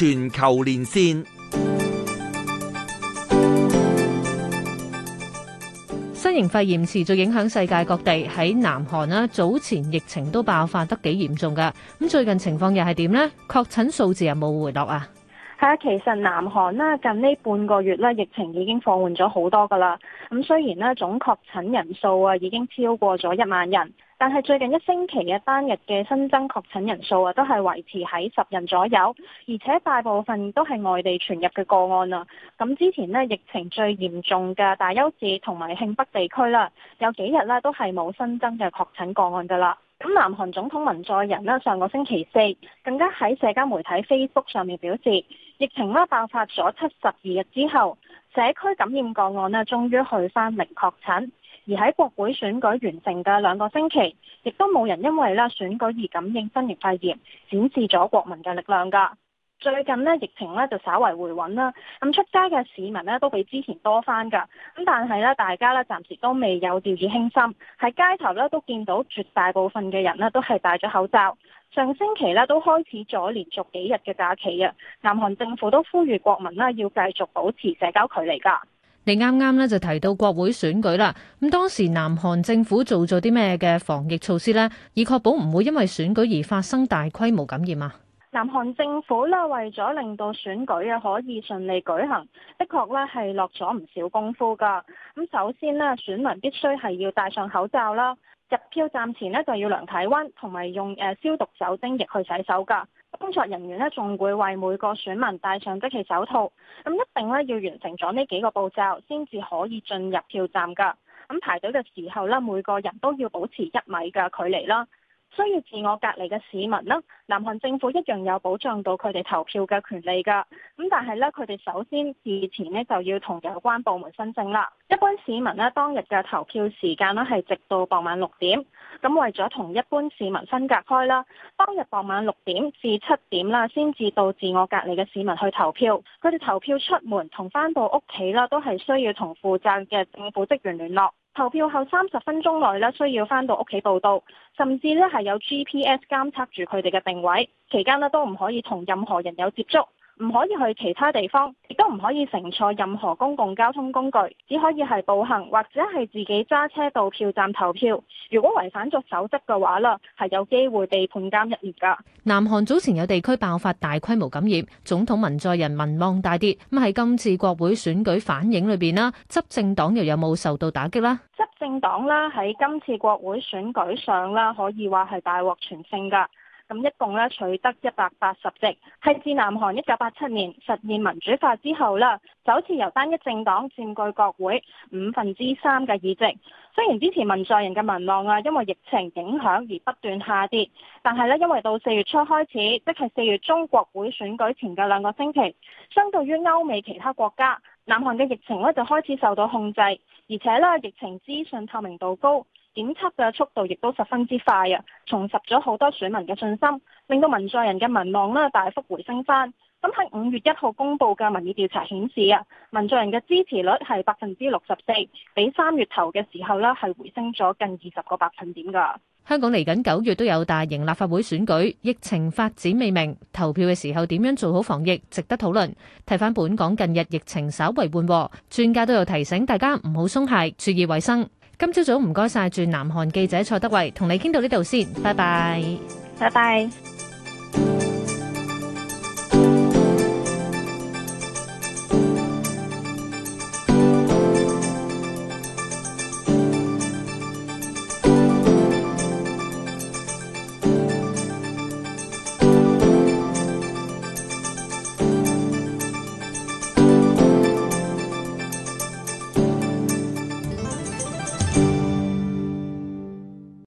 全球連線，新型肺炎持續影響世界各地。喺南韓啦，早前疫情都爆發得幾嚴重噶，咁最近情況又係點呢？確診數字又有冇回落啊？係啊，其實南韓啦，近呢半個月咧，疫情已經放緩咗好多噶啦。咁雖然咧，總確診人數啊，已經超過咗一萬人。但係最近一星期嘅單日嘅新增確診人數啊，都係維持喺十人左右，而且大部分都係外地傳入嘅個案啊。咁之前呢，疫情最嚴重嘅大邱市同埋慶北地區啦，有幾日呢都係冇新增嘅確診個案噶啦。咁南韓總統文在寅呢，上個星期四更加喺社交媒體 Facebook 上面表示，疫情咧爆發咗七十二日之後，社區感染個案呢終於去翻零確診。而喺國會選舉完成嘅兩個星期，亦都冇人因為咧選舉而感染新型肺炎，展示咗國民嘅力量噶。最近咧疫情咧就稍為回穩啦，咁出街嘅市民咧都比之前多返噶，咁但係咧大家咧暫時都未有掉以輕心，喺街頭咧都見到絕大部分嘅人咧都係戴咗口罩。上星期咧都開始咗連續幾日嘅假期啊，南韓政府都呼籲國民啦，要繼續保持社交距離噶。你啱啱咧就提到國會選舉啦，咁當時南韓政府做咗啲咩嘅防疫措施呢？以確保唔會因為選舉而發生大規模感染啊？南韓政府呢，為咗令到選舉啊可以順利舉行，的確咧係落咗唔少功夫㗎。咁首先呢，選民必須係要戴上口罩啦，入票站前呢，就要量體溫，同埋用誒消毒酒精液去洗手㗎。工作人員咧，仲會為每個選民戴上即棄手套，咁一定咧，要完成咗呢幾個步驟先至可以進入票站噶。咁排隊嘅時候咧，每個人都要保持一米嘅距離啦。需要自我隔離嘅市民啦，南韓政府一樣有保障到佢哋投票嘅權利㗎。咁但係咧，佢哋首先事前咧就要同有關部門申請啦。一般市民咧當日嘅投票時間咧係直到傍晚六點。咁為咗同一般市民分隔開啦，當日傍晚六點至七點啦，先至到自我隔離嘅市民去投票。佢哋投票出門同翻到屋企啦，都係需要同負責嘅政府職員聯絡。投票後三十分鐘內咧，需要返到屋企報到，甚至咧係有 GPS 監測住佢哋嘅定位，期間咧都唔可以同任何人有接觸。唔可以去其他地方，亦都唔可以乘坐任何公共交通工具，只可以係步行或者係自己揸車到票站投票。如果違反咗守則嘅話呢，係有機會被判監入獄噶。南韓早前有地區爆發大規模感染，總統文在寅民望大跌。咁喺今次國會選舉反映裏邊啦，執政黨又有冇受到打擊啦？執政黨啦喺今次國會選舉上啦，可以話係大獲全勝噶。咁一共咧取得一百八十席，係自南韓一九八七年實現民主化之後啦，首次由單一政黨佔據國會五分之三嘅議席。雖然之前文在寅嘅民望啊，因為疫情影響而不斷下跌，但係呢，因為到四月初開始，即係四月中國會選舉前嘅兩個星期，相對於歐美其他國家，南韓嘅疫情呢，就開始受到控制，而且呢，疫情資訊透明度高。檢測嘅速度亦都十分之快啊，重拾咗好多選民嘅信心，令到文在寅嘅民望呢，大幅回升翻。咁喺五月一號公布嘅民意調查顯示啊，文在寅嘅支持率係百分之六十四，比三月頭嘅時候呢係回升咗近二十個百分點噶。香港嚟緊九月都有大型立法會選舉，疫情發展未明，投票嘅時候點樣做好防疫值得討論。睇翻，本港近日疫情稍為緩和，專家都有提醒大家唔好鬆懈，注意衛生。今朝早，唔該晒駐南韓記者蔡德蕙同你傾到呢度先，拜拜，拜拜。